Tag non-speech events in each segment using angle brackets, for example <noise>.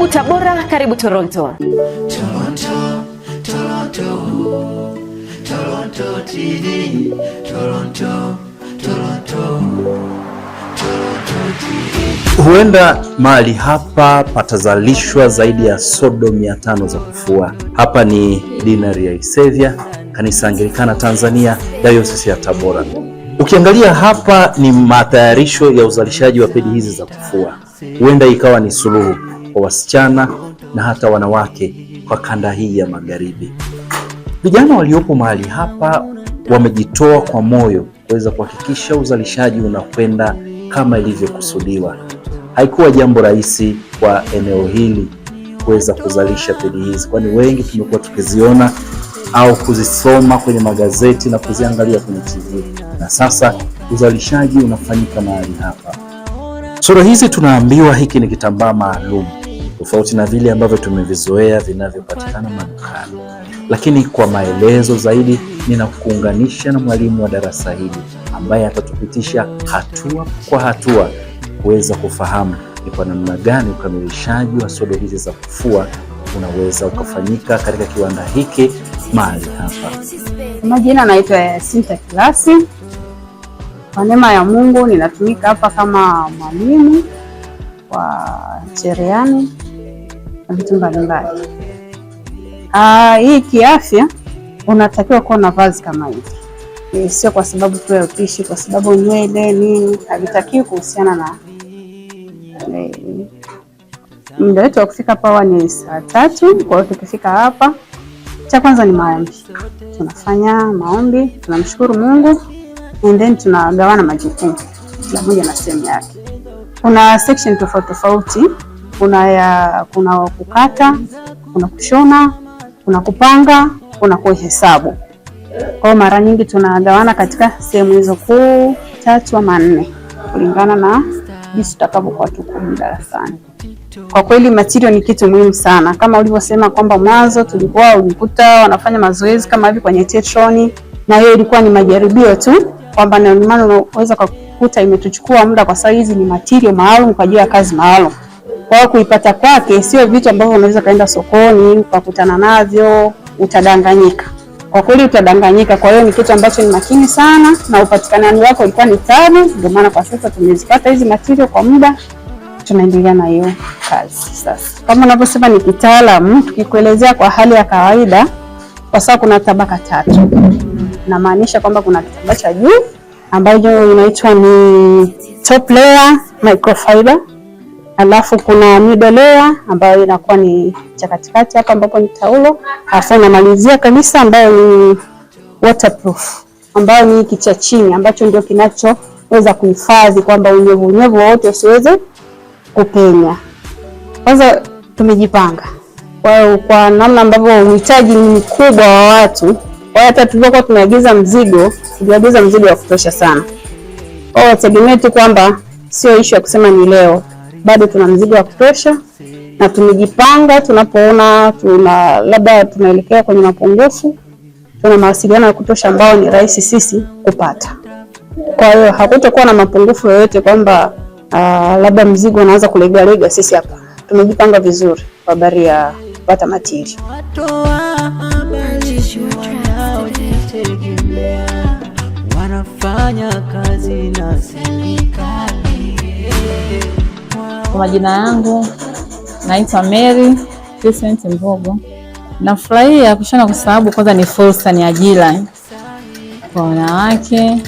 Karibu Tabora, karibu Toronto. Toronto, Toronto, Toronto TV, Toronto, Toronto, Toronto TV. Huenda mahali hapa patazalishwa zaidi ya sodo 500 za kufua. Hapa ni Dinari ya Isevya, kanisa angelikana Tanzania, dayosisi ya Tabora. Ukiangalia hapa ni matayarisho ya uzalishaji wa pedi hizi za kufua, huenda ikawa ni suluhu kwa wasichana na hata wanawake kwa kanda hii ya magharibi. Vijana waliopo mahali hapa wamejitoa kwa moyo kuweza kuhakikisha uzalishaji unakwenda kama ilivyokusudiwa. Haikuwa jambo rahisi kwa eneo hili kuweza kuzalisha pedi hizi, kwani wengi tumekuwa tukiziona au kuzisoma kwenye magazeti na kuziangalia kwenye TV, na sasa uzalishaji unafanyika mahali hapa. Sura hizi tunaambiwa hiki ni kitambaa maalum tofauti na vile ambavyo tumevizoea vinavyopatikana madukani. Lakini kwa maelezo zaidi, ninakuunganisha na mwalimu wa darasa hili ambaye atatupitisha hatua kwa hatua kuweza kufahamu ni kwa namna gani ukamilishaji wa sodo hizi za kufua unaweza ukafanyika katika kiwanda hiki mahali hapa. Majina anaitwa Yasinta Kilasi. Kwa neema ya Mungu ninatumika hapa kama mwalimu wa cherehani na vitu mbalimbali. Ah, hii kiafya unatakiwa kuwa na vazi kama hivi, eh, sio kwa sababu tu ya upishi, kwa sababu nywele nini havitakiwi kuhusiana na eh, muda wetu wa kufika pawa ni saa tatu. Kwa hiyo tukifika hapa, cha kwanza ni maombi. Tunafanya maombi, tunamshukuru Mungu and then tunagawana majukumu, kila mmoja na sehemu yake. Kuna section tofauti tofauti kuna ya, kuna kukata, kuna kushona, kuna kupanga, kuna kuhesabu. Kwa hiyo mara nyingi tunagawana katika sehemu hizo kuu tatu ama nne kulingana na jinsi tutakavyokuwa tuko darasani. Kwa kweli material ni kitu muhimu sana, kama ulivyosema kwamba mwanzo tulikuwa ulikuta wanafanya mazoezi kama hivi kwenye tetroni, na hiyo ilikuwa ni majaribio tu, kwamba ndio maana unaweza kukuta imetuchukua muda, kwa sababu hizi ni material maalum kwa ajili ya kazi maalum. Kwa hiyo kuipata kwake sio vitu ambavyo unaweza kaenda sokoni ukakutana navyo, utadanganyika kwa kweli, utadanganyika. Kwa hiyo ni kitu ambacho ni makini sana, na upatikanaji wako ulikuwa ni tabu, ndio maana kwa sasa tumezipata hizi matirio kwa muda tunaendelea na hiyo kazi sasa. Kama unavyosema ni kitaalamu, tukikuelezea kwa hali ya kawaida, kwa sababu kuna tabaka tatu, namaanisha kwamba kuna kitambaa cha juu ambayo inaitwa ni top layer microfiber Alafu kuna middle layer ambayo inakuwa ni cha katikati hapa ambapo ni taulo, alafu namalizia kabisa ambayo ni waterproof, ambayo ni hiki cha chini ambacho ndio kinachoweza kuhifadhi kwamba unyevu unyevu wote usiweze kupenya. Kwanza tumejipanga kwa, kwa namna ambavyo uhitaji ni mkubwa wa watu, kwa hata tulivyokuwa tunaagiza mzigo tuliagiza mzigo wa kutosha sana, kwa wategemee tu kwamba sio ishu ya kusema ni leo bado tuna mzigo wa kutosha, na tumejipanga. Tunapoona tuna labda tunaelekea kwenye mapungufu, tuna mawasiliano ya kutosha ambao ni rahisi sisi kupata. Kwa hiyo hakutokuwa na mapungufu yoyote kwamba uh, labda mzigo unaanza kulegalega. Sisi hapa tumejipanga vizuri kwa habari ya kupata matiri wanafanya kazi na serikali kwa majina yangu naitwa Mary Vincent Mbogo. Nafurahia kushona kwa sababu kwanza ni fursa, ni ajira kwa wanawake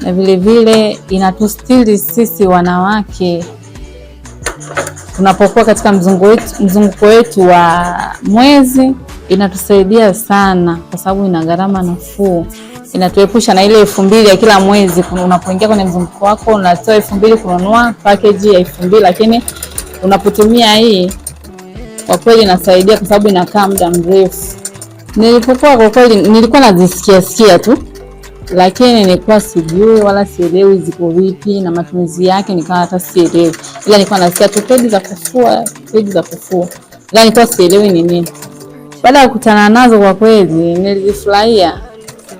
na vilevile inatustiri sisi wanawake tunapokuwa katika mzunguko wetu wa mwezi, inatusaidia sana kwa sababu ina gharama nafuu inatuepusha na ile elfu mbili ya kila mwezi. Unapoingia kwenye mzunguko wako unatoa elfu mbili kununua package ya elfu mbili lakini unapotumia hii kwa kweli inasaidia kwa sababu inakaa muda mrefu. Nilipokuwa kwa kweli nilikuwa nazisikia sikia tu, lakini nilikuwa sijui wala sielewi ziko vipi na matumizi yake, nikawa hata sielewi, ila nilikuwa nasikia tu pedi za kufua, pedi za kufua, ila nilikuwa sielewi ni nini. Baada ya kukutana nazo, kwa kweli nilifurahia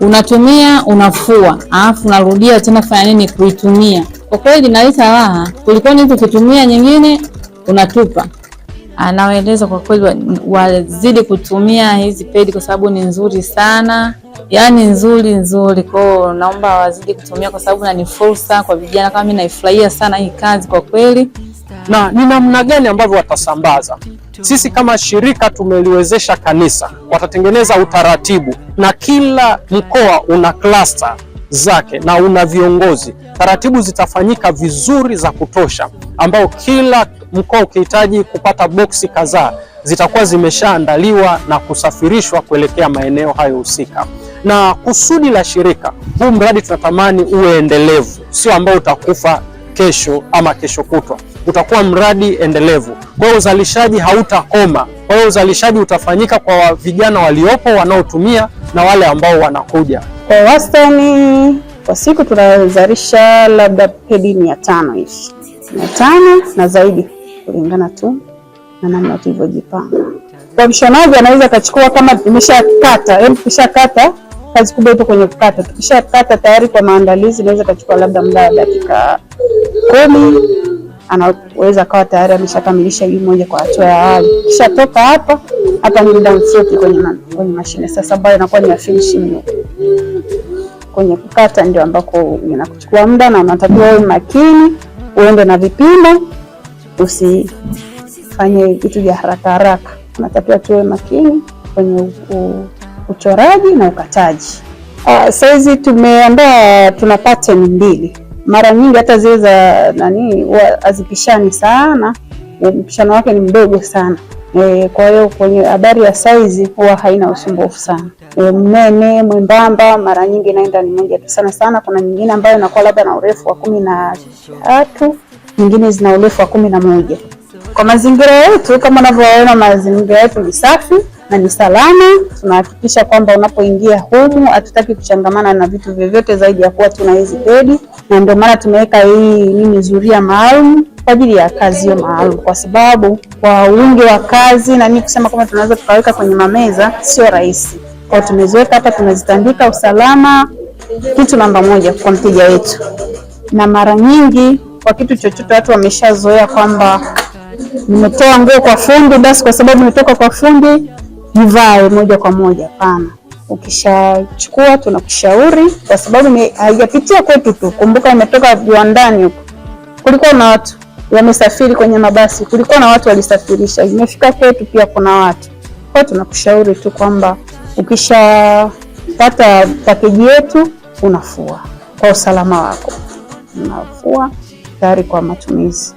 unatumia unafua, alafu unarudia tena fanya nini kuitumia. Kwa kweli naleta raha kuliko ni kutumia nyingine unatupa. Anaeleza ah, kwa kweli wazidi kutumia hizi pedi kwa sababu ni nzuri sana yani nzuri nzuri hiyo Naomba wazidi kutumia kwa sababu ni fursa kwa vijana kama mimi, naifurahia sana hii kazi kwa kweli. Na ni namna gani ambavyo watasambaza? Sisi kama shirika tumeliwezesha kanisa, watatengeneza utaratibu, na kila mkoa una cluster zake na una viongozi. Taratibu zitafanyika vizuri za kutosha, ambao kila mkoa ukihitaji kupata boksi kadhaa zitakuwa zimeshaandaliwa na kusafirishwa kuelekea maeneo hayo husika na kusudi la shirika, huu mradi tunatamani uwe endelevu, sio ambao utakufa kesho ama kesho kutwa. Utakuwa mradi endelevu, kwa hiyo uzalishaji hautakoma. Kwa hiyo uzalishaji utafanyika kwa vijana waliopo wanaotumia na wale ambao wanakuja. Kwa wastani kwa siku tunazalisha labda pedi mia tano hivi, mia tano na zaidi, kulingana tu na namna tulivyojipanga. Kwa mshonaji anaweza akachukua kama imeshakata, imeshakata yaani kazi kubwa ipo kwenye kukata. Tukishakata tayari kwa maandalizi, inaweza kachukua labda muda wa dakika kumi, anaweza akawa tayari ameshakamilisha hii moja kwa hatua ya awali. Kisha toka hapa hapa, ni muda mfupi kwenye, ma, kwenye mashine sasa, ambayo inakuwa ni finishing look. Kwenye kukata ndio ambako inakuchukua muda na unatakiwa uwe makini, uende na vipimo, usifanye vitu vya haraka haraka. Unatakiwa tuwe makini kwenye u, u, uchoraji na ukataji. Uh, saizi tumeandaa tuna pattern mbili, mara nyingi hata zile za nani hazipishani sana, eh, mpishano wake ni mdogo sana. E, kwa hiyo kwenye habari ya saizi huwa haina usumbufu sana. E, mnene mwembamba mara nyingi naenda ni moja tu sana sana. Kuna nyingine ambayo inakuwa labda na urefu wa kumi na tatu, nyingine zina urefu wa kumi na moja. Kwa mazingira yetu kama unavyoona, mazingira yetu ni safi na ni salama. Tunahakikisha kwamba unapoingia humu hatutaki kuchangamana na vitu vyovyote zaidi ya kuwa tuna hizi pedi, na ndio maana tumeweka hii nini zuria maalum kwa ajili ya kazi hiyo maalum, kwa sababu kwa wingi wa kazi na mimi kusema kwamba tunaweza tukaweka kwenye mameza sio rahisi. Kwa tumeziweka hapa, tumezitandika. Usalama kitu namba moja kwa mteja wetu, na mara nyingi kwa kitu chochote watu wameshazoea kwamba nimetoa nguo kwa fundi, basi kwa sababu nimetoka kwa fundi jivae moja kwa moja, pana. Ukishachukua tunakushauri, kwa sababu haijapitia kwetu tu, kumbuka imetoka viwandani huko, kulikuwa na watu wamesafiri kwenye mabasi, kulikuwa na watu walisafirisha, imefika kwetu pia kuna watu kwa, tunakushauri tu kwamba ukishapata pakeji yetu unafua kwa usalama wako, unafua tayari kwa matumizi.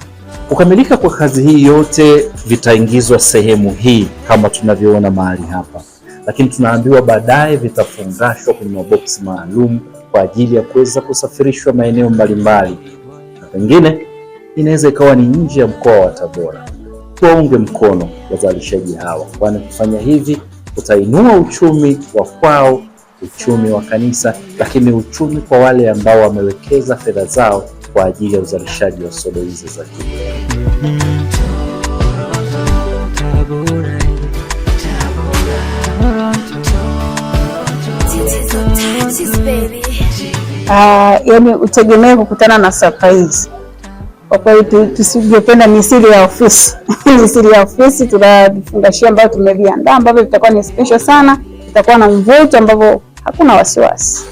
Kukamilika kwa kazi hii yote vitaingizwa sehemu hii kama tunavyoona mahali hapa, lakini tunaambiwa baadaye vitafungashwa kwenye maboksi maalum kwa ajili ya kuweza kusafirishwa maeneo mbalimbali, na pengine inaweza ikawa ni nje ya mkoa wa Tabora. Tuwaunge mkono wazalishaji hawa, kwani kufanya hivi utainua uchumi wa kwao, uchumi wa kanisa, lakini uchumi kwa wale ambao wamewekeza fedha zao kwa ajili ya uzalishaji wa sodo hizi za Uh, ah, yani utegemee kukutana na surprise kwa kweli, tusijopenda misiri ya ofisi <laughs> misiri ya ofisi tuna vifungashio ambavyo tumeviandaa ambavyo vitakuwa ni special sana, vitakuwa na mvuto ambavyo hakuna wasiwasi.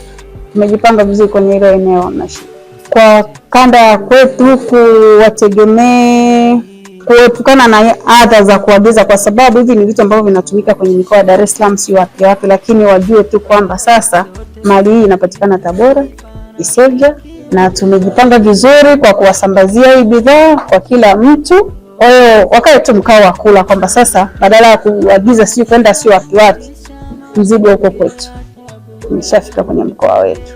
Tumejipanga vizuri kwenye hilo eneo, hamna shida kwa kanda ya kwetu kuwategemee kuepukana na adha za kuagiza, kwa sababu hivi ni vitu ambavyo vinatumika kwenye mikoa ya Dar es Salaam, si wapi wapi, lakini wajue tu kwamba sasa mali hii inapatikana Tabora, Isevya, na tumejipanga vizuri kwa kuwasambazia hii bidhaa kwa kila mtu. Kwa hiyo wakae tu mkao wa kula, kwamba sasa badala ya kuagiza sio kwenda sio wapi wapi, mzigo uko kwetu, umeshafika kwenye mkoa wetu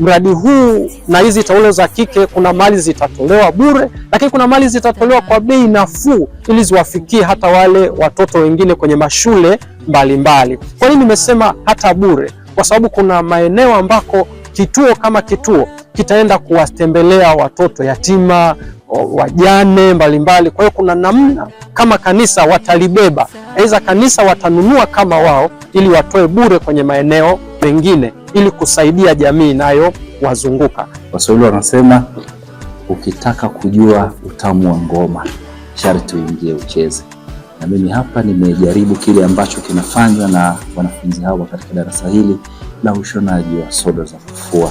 mradi huu na hizi taulo za kike, kuna mali zitatolewa bure, lakini kuna mali zitatolewa kwa bei nafuu ili ziwafikie hata wale watoto wengine kwenye mashule mbalimbali. Kwa nini nimesema hata bure? Kwa sababu kuna maeneo ambako kituo kama kituo kitaenda kuwatembelea watoto yatima, wajane mbalimbali. Kwa hiyo kuna namna kama kanisa watalibeba, aidha kanisa watanunua kama wao, ili watoe bure kwenye maeneo mengine ili kusaidia jamii wazunguka Waswahili wanasema ukitaka kujua utamu wa ngoma sharti uingie ucheze, na mimi hapa nimejaribu kile ambacho kinafanywa na wanafunzi hawa katika darasa hili la ushonaji wa sodo za kufua.